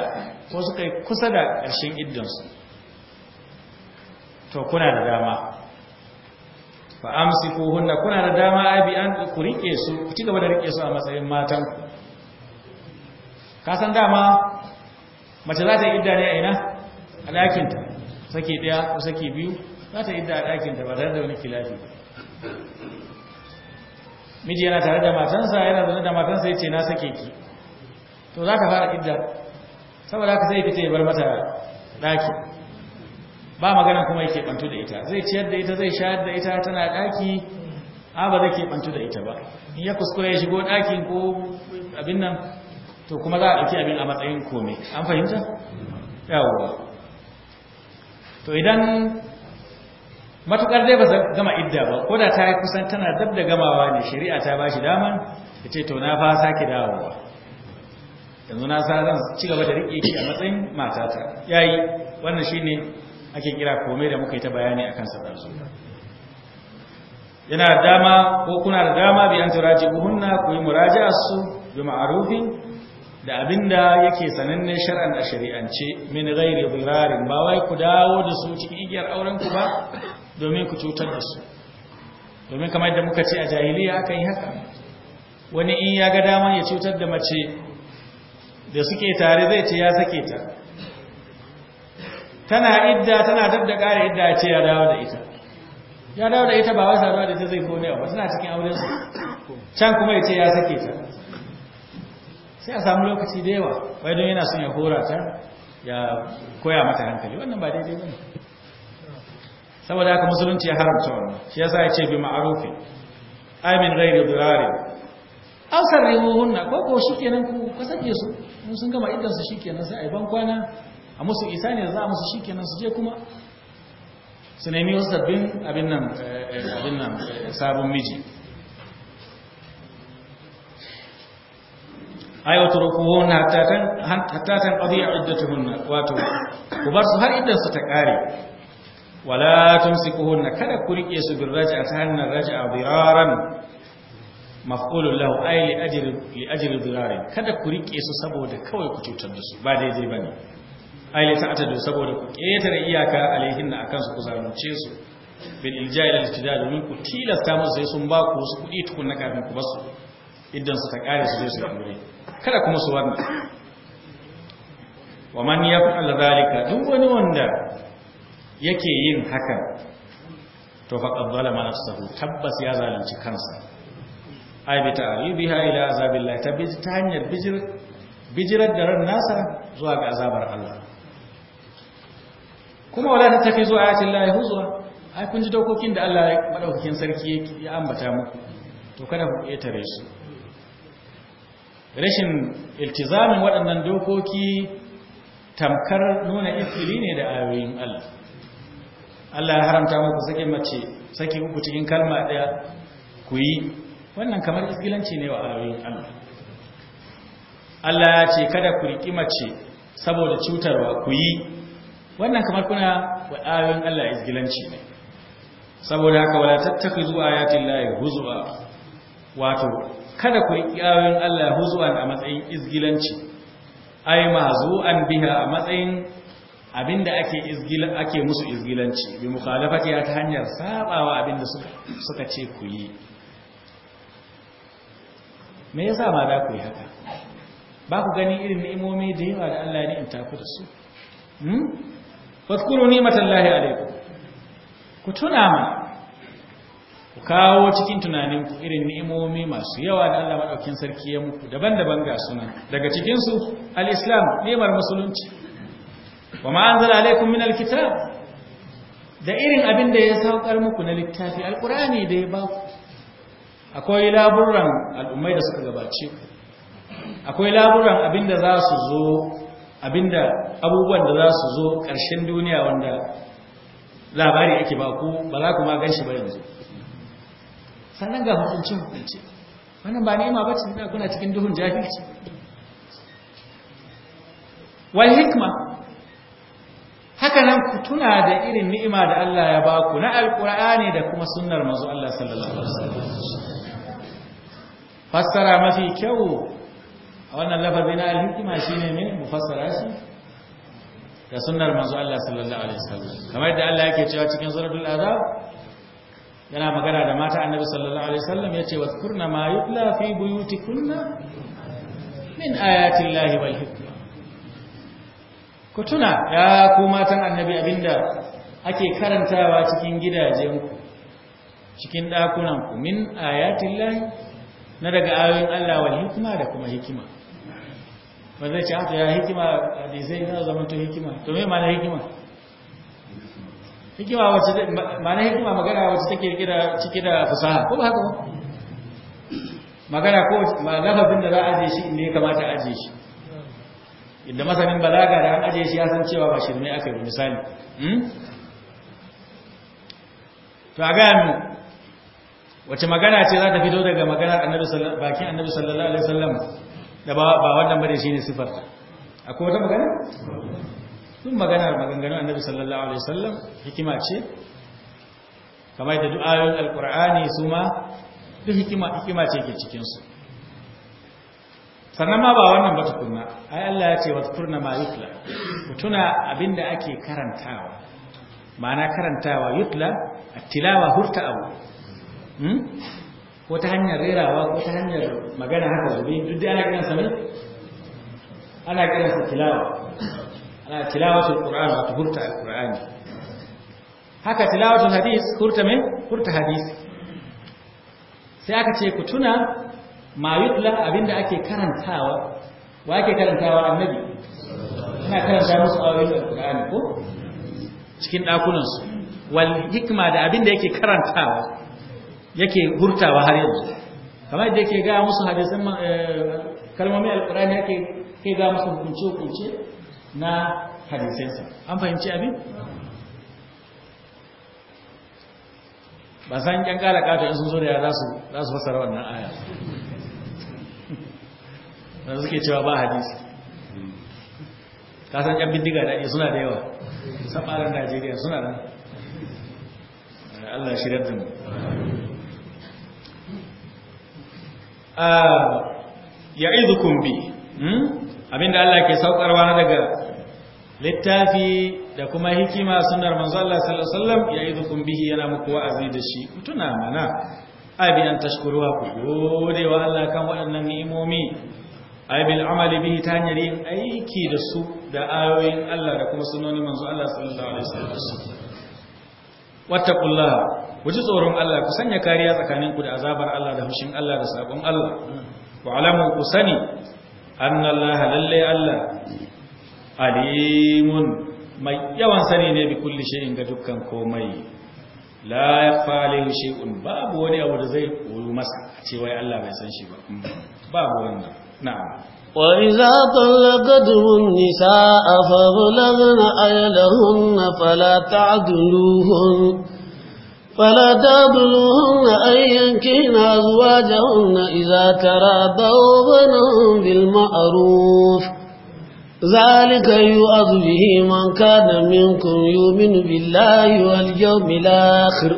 ko suka yi kusa da ƙarshen iddarsu to kuna da dama fa amsikuhunna kuna da dama ay bi an ku su ku ci gaba da rike su a matsayin matan ka san dama mace za ta yi idda ne a ina a ɗakinta sake ɗaya ko sake biyu za ta idda a ɗakinta ba tare da wani kilafi miji yana tare da matansa yana zaune da matansa ya ce na sake ki to za ka fara idda saboda haka sai fita ya bar mata ɗaki ba magana kuma yake bantu da ita zai ciyar da ita zai shayar da ita tana ɗaki a ba zai ke bantu da ita ba in ya kuskure ya shigo ɗakin ko abin nan to kuma za a ɗauki abin a matsayin kome an fahimta yawwa to idan matukar dai ba gama idda ba ko da ta yi kusan tana dab da gamawa ne shari'a ta bashi shi daman ya ce to na fa sake dawowa yanzu na sa zan ci gaba da riƙe shi a matsayin matata ya yi wannan shi ne ake kira komai da muka yi ta bayani akan sa ɗansu yana dama ko kuna da dama biyan an turaji buhunna ku yi muraja su bi ma'arufin da abinda yake sananne shar'an a shari'ance min ghairi dhirarin ba wai ku dawo da su cikin igiyar auren ku ba domin ku cutar da su domin kamar yadda muka ce a jahiliya akan yi haka wani in ya ga dama ya cutar da mace da suke tare zai ce ya sake ta tana idda tana dab da idda idda ce ya dawo da ita ya dawo da ita ba wai saduwa da ita zai kone ba tana cikin auren su can kuma ya ce ya sake ta sai a samu lokaci da yawa wai don yana son ya hura ta ya koya mata hankali wannan ba daidai ba ne saboda haka musulunci ya haramta wannan shi sa ya ce bi ma'arufi ay min durare an sarri sarrihuhunna ko ko shikenan ku ku sake su mun sun gama idan su shikenan sai ai ban kwana a musu isa ne za a musu shikenan su je kuma su nemi wasu sabbin abin nan eh, eh, eh, sabon miji ay watrukuhunna hatta tan hatta tan qadi'a iddatuhunna wato ku bar su har iddan su ta kare wala tumsikuhunna kada ku rike su bil raj'a ta hannun raj'a diraran maf'ulun lahu ai li ajri li ajri dirarin kada ku rike su saboda kawai ku cutar da su ba daidai bane Ai li ta'tadu saboda ku ketare iyaka na akan su ku zalunce su bil ilja'i lil tidad min ku tilasta musu sai sun ba ku su kudi tukun na kafin ku basu idan su ta kare su zai su aure kada kuma su wannan wa man yaf'al zalika duk wani wanda yake yin hakan to faqad zalama nafsahu tabbas ya zalunci kansa ai bi ta'ribiha ila azabillah tabbit ta hanyar bijir bijirar da ran nasa zuwa ga azabar Allah kuma wala ta tafi zuwa ayatin lahi huzwa ai kun ji dokokin da Allah madaukakin sarki ya ambata muku to kada ku ƙetare su rashin iltizamin waɗannan dokoki tamkar nuna ifili ne da ayoyin Allah Allah ya haramta muku sake mace sake muku cikin kalma ɗaya ku yi wannan kamar isgilanci ne wa ayoyin Allah Allah ya ce kada ku riƙi mace saboda cutarwa ku yi wannan kamar kuna wa ayoyin Allah isgilanci ne saboda haka wala tattakhizu ayati llahi huzuwa wato kada ku yi ayoyin Allah huzuwan a matsayin izgilanci ai mahzu'an biha a matsayin abinda ake izgila ake musu izgilanci bi mukhalafati ta hanyar sabawa abinda suka suka ce ku yi me yasa ma za ku yi haka ba ku gani irin ni'imomi da yawa da Allah ya ni'imta ku da su hmm fadhkuru ni'matallahi alaikum ku tuna mana ku kawo cikin tunaninku irin ni'imomi masu yawa da Allah madaukakin sarki ya muku daban-daban ga sunan daga cikin su al-islam ni'mar musulunci wa ma anzala alaikum min al-kitab da irin abin da ya saukar muku na littafi al-qur'ani da ya baku akwai laburan al'ummai da suka gabace akwai laburran abin da za su zo abin da abubuwan da za su zo ƙarshen duniya wanda labari ake ba ku ba za ku ma gan ba yanzu sannan ga hukuncin hukunci wannan ba ni'ima ba ce da kuna cikin duhun jahilci wal hikma haka nan ku tuna da irin ni'ima da Allah ya ba ku na alqur'ani da kuma sunnar manzo Allah sallallahu alaihi wasallam fassara mafi kyau a wannan lafazin na al-hikma shine ne mufassara shi da sunnar manzo Allah sallallahu alaihi wasallam kamar da Allah yake cewa cikin suratul azab yana magana da mata annabi sallallahu alaihi wasallam yace wadkurna ma yutla fi buyutikunna min ayati llahi wal hikma ku tuna ya ku matan annabi abinda ake karantawa cikin gidajenku cikin dakunanku min ayati llahi na daga ayoyin Allah wal hikma da kuma hikima wanda ya ce ya hikima hadisai na zama to hikima to me na hikima hikima wacce ma'ana hikima magana wacce take kira cike da fasaha ko ba haka ba magana ko ma lafazin da za a aje shi inda ya kamata aje shi inda masanin balaga da an aje shi ya san cewa ba ne aka yi misali hmm? to a gaya mu wace magana ce za ta fito daga maganar bakin annabi sallallahu alaihi wasallam da ba wannan bane shine sifar akwai wata magana duk maganar maganganun annabi sallallahu alaihi wasallam hikima ce kamar da du'ayoyin alqur'ani su ma duk hikima hikima ce ke cikin su sannan ma ba wannan ba tukunna ai Allah ya ce wa tukunna ma yutla tuna abinda ake karantawa ma'ana karantawa yutla hurta abu hmm ko ta hanyar rerawa ko ta hanyar magana haka zubi duk da ana kiransa ne ana kiransa tilawa ana tilawatul qur'an wato tuhurta alqur'ani haka tilawatul hadis hurta me hurta hadis. sai aka ce ku tuna ma yutla abinda ake karantawa wa ake karantawa annabi ina karanta musu ayoyin alqur'ani ko cikin dakunan su wal hikma da abinda yake karantawa yake hurtawa har yanzu kamar da yake ga musu hadisan kalmomin alqur'ani yake ke ga musu kunce kunce na hadisansa an fahimci abin ba san ƙyan ƙala kata in sun zo da ya za su fasara wannan aya Na suke cewa ba hadisi kasan ƙyan bindiga daɗi suna da yawa saɓarar najeriya suna da? allah shi da mu ah, ya izu kumbi hmm? abinda allah ke saukarwa na daga littafi da kuma hikima sunar manzo Allah sallallahu ya yi ya'idukum bihi yana muku wa'azi da shi mutuna mana abi an tashkuruwa ku gode wa Allah kan waɗannan ni'imomi ay bil amali bihi ta hanyar yin aiki da su da ayoyin Allah da kuma sunonin manzo Allah sallallahu alaihi wasallam wattaqullaha ku ji tsoron Allah ku sanya kariya tsakaninku da azabar Allah da hushin Allah da sabon Allah wa alamu ku sani annallaha lalle Allah alimun mai yawan sani ne bi kulli shay'in ga dukkan komai la yakhfa alayhi shay'un babu wani abu da zai koyo masa cewa ya Allah bai san shi ba babu wannan na'am wa idza talaqtum nisaa fa bulaghna ajalahun fala ta'duluhun فلا تبلوهن أن ينكين أزواجهن إذا ترابوا بينهم بالمعروف ذلك يؤذ به من كان منكم يؤمن بالله واليوم الآخر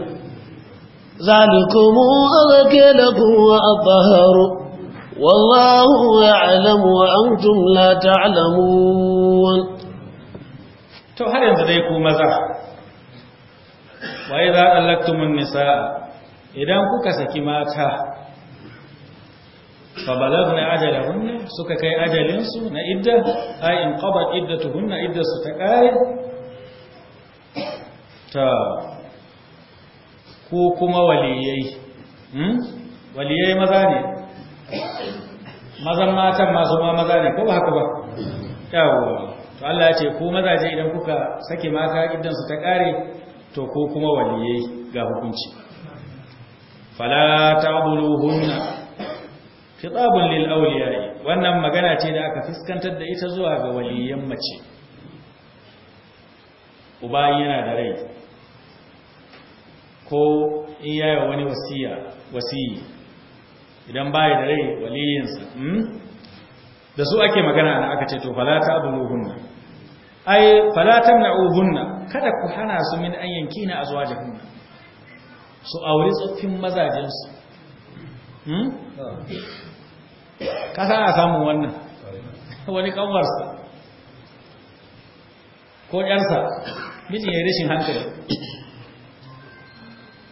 ذلكم أذكى لكم وأطهر والله يعلم وأنتم لا تعلمون to har yanzu dai ku maza wa idza allaktumun nisaa idan kuka fabalagna ajalahunna suka kai ajalinsu na idda ay in qabat iddatuhunna iddasu ta kare ta ko kuma waliyai hmm? waliyai maza ne mazan matan masu ma maza ne ko ba haka ba yawo to Allah ya ce ko mazaje idan kuka sake maka idan su ta kare to ko kuma waliyai ga hukunci fala ta'buluhunna khitabun lil awliya wannan magana ce da aka fuskantar da ita zuwa ga waliyan mace uba yana da rai ko in yayi wani wasiya wasiyi idan baya da rai waliyinsa hmm? da su ake magana da aka ce to fala ta ai fala tamna'uhunna kada ku hana su min an na azwajahunna su aure tsoffin mazajensu hmm? ah. kasa na samun wannan wani kanwarsa ko ƴarsa mijin ya yi rashin hankali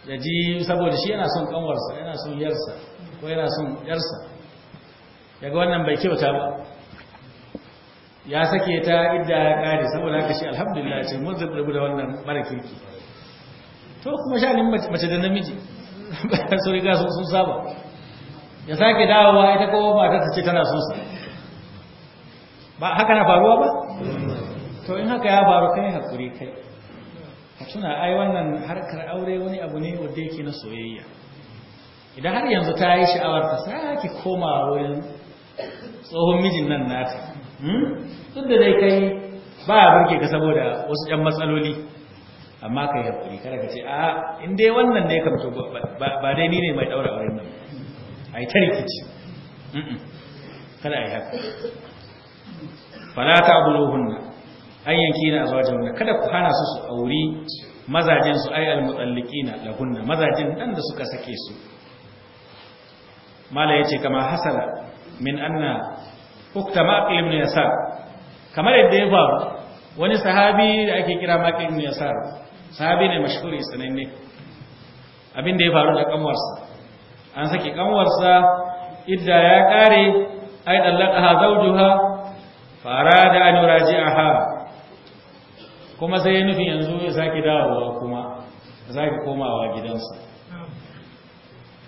ya ji saboda shi yana son kanwarsa yana son yarsa ko yana son ƴarsa ya ga wannan bai kyauta ba ya sake ta idda ya kare saboda haka shi alhamdulillah ce mun zaɓi da wannan mara kirki to kuma sha'anin mace da namiji ba su riga sun saba ya sake dawowa ita kowa ba ta ce tana son sa ba haka na faruwa ba to in haka ya faru kai hakuri kai ka tuna ai wannan harkar aure wani abu ne wanda yake na soyayya idan har yanzu ta yi sha'awar ta sake koma wurin tsohon mijin nan nata hmm? duk da dai kai ba a burke ka saboda wasu ɗan matsaloli amma kai hakuri kada ka ce a in dai wannan ne kam fito ba dai ni ne mai ɗaura wurin nan ba a yi ta rikici kada a yi haka falata abuluhunna an yanki na azwajahunna kada ku hana su su auri mazajin su ay almutalliqina lahunna mazajen dan da suka sake su mala yace kama hasala min anna hukta ibn yasar kamar yadda ya faru wani sahabi da ake kira maqil ibn yasar sahabi ne mashhuri sananne abin da ya faru da kanwarsa an saki kanwarsa idda ya kare ai ha zawjuha farada an yuraji'aha kuma sai ya nufi yanzu ya saki dawowa kuma zaki komawa gidansa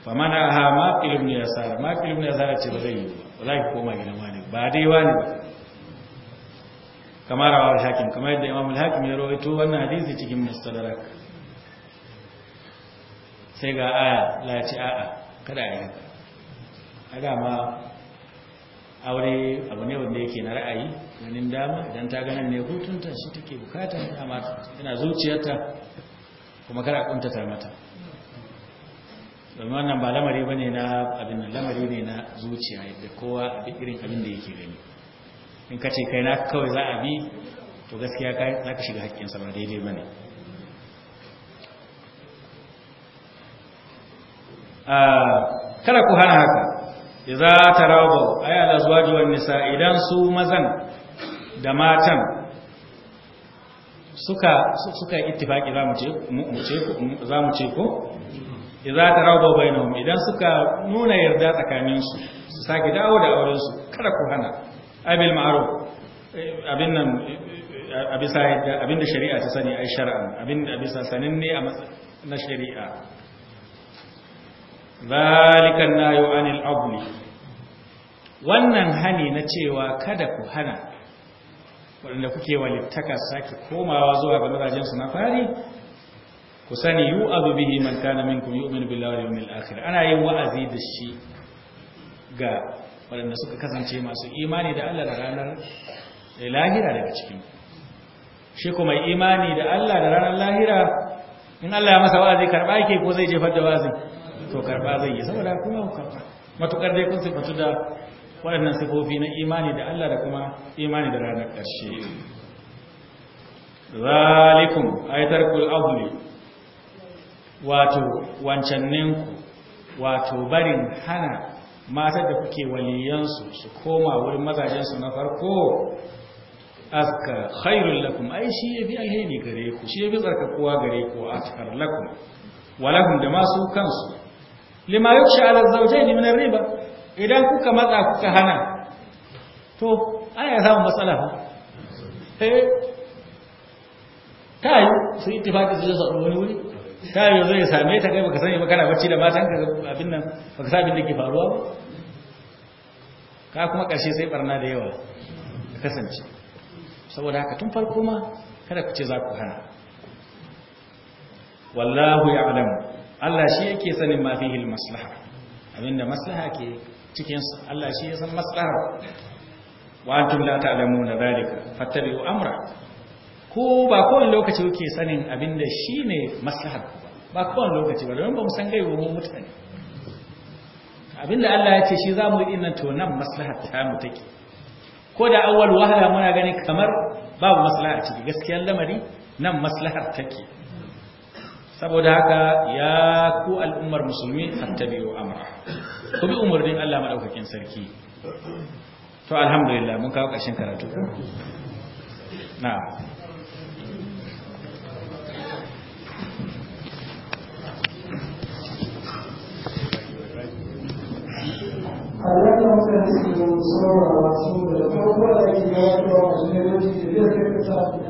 famana ha maqil ibn yasar maqil ya yasar ce ba zai yi ba zaki koma gidan wani ba dai wani ba kamar rawar hakim kamar yadda imam al-hakim ya rawaito wannan hadisi cikin mustadrak sai ga aya la ci a'a kada a yi a dama aure abu ne wanda yake na ra'ayi ganin dama idan ta ganin ne hutunta shi take bukata yana zuciyarta kuma kada ta mata domin wannan ba lamari ba ne na abin nan lamari ne na zuciya yadda kowa a duk irin abin da yake gani in ka ce kai na kawai za a bi to gaskiya za ka shiga haƙƙinsa ba daidai ba ne Ah, kada ku hana haka idza tarabu ay al azwaj wal nisa idan su mazan da matan suka suka ittifaqi za mu ce mu ce ko za mu ce ko idza tarabu bainahum idan suka nuna yarda tsakanin su su sake dawo da auren su kada ku hana abil ma'ruf eh, abin nan eh, eh, abisa abin da shari'a ta sani ai shar'an abin da abisa sanin ne a na shari'a ذلك الناي عن abli wannan hani na cewa kada ku hana waɗanda kuke walittaka sake komawa zuwa ga mazajensu na fari ku sani yu abu bihi man kana minkum yu'minu billahi wal yawmil akhir ana yin wa'azi da shi ga waɗanda suka kasance masu imani da Allah da ranar lahira daga cikin shi kuma imani da Allah da ranar lahira in Allah ya masa wa'azi karba yake ko zai jefar da wa'azi. to karba zai yi saboda kuma karba matukar dai kun sifatu da waɗannan sifofi na imani da Allah da kuma imani da ranar ƙarshe zalikum aitar kul azmi wato wancanninku wato barin hana matar da kuke waliyansu su koma wurin mazajensu na farko aska khairul lakum ai shi yafi alheri gare ku shi yafi tsarkakuwa gare ku askar lakum walakum da masu kansu lima yuksha ala zawjayn min riba idan kuka matsa kuka hana to ai ya samu matsala ba eh kai su ittifaki su zo wani wuri kai yanzu ya same ta kai baka sani ba kana bacci da matan ka abin nan baka sa abin da ke faruwa ba ka kuma ƙarshe sai barna da yawa ka kasance saboda haka tun farko ma kada ku ce za ku hana wallahu ya'lamu Allah shi yake sanin ma fihil maslaha abinda maslaha ke cikin Allah shi ya san maslaha wa antum la ta'lamuna dhalika fattabi'u amra ko ba kowane lokaci kuke sanin abinda shine maslahar ba kowane lokaci ba don ba mu san gaiwa mu mutane abinda Allah ya ce shi mu yi nan to nan maslahar ta mu take ko da awwal wahala muna gani kamar babu maslaha ciki gaskiyar lamari nan maslahar take saboda haka ya ku al'ummar musulmi tattabi'u amra ku bi umarnin Allah madaukakin sarki to alhamdulillah mun kawo ƙarshen karatu na Allah ya da da da da da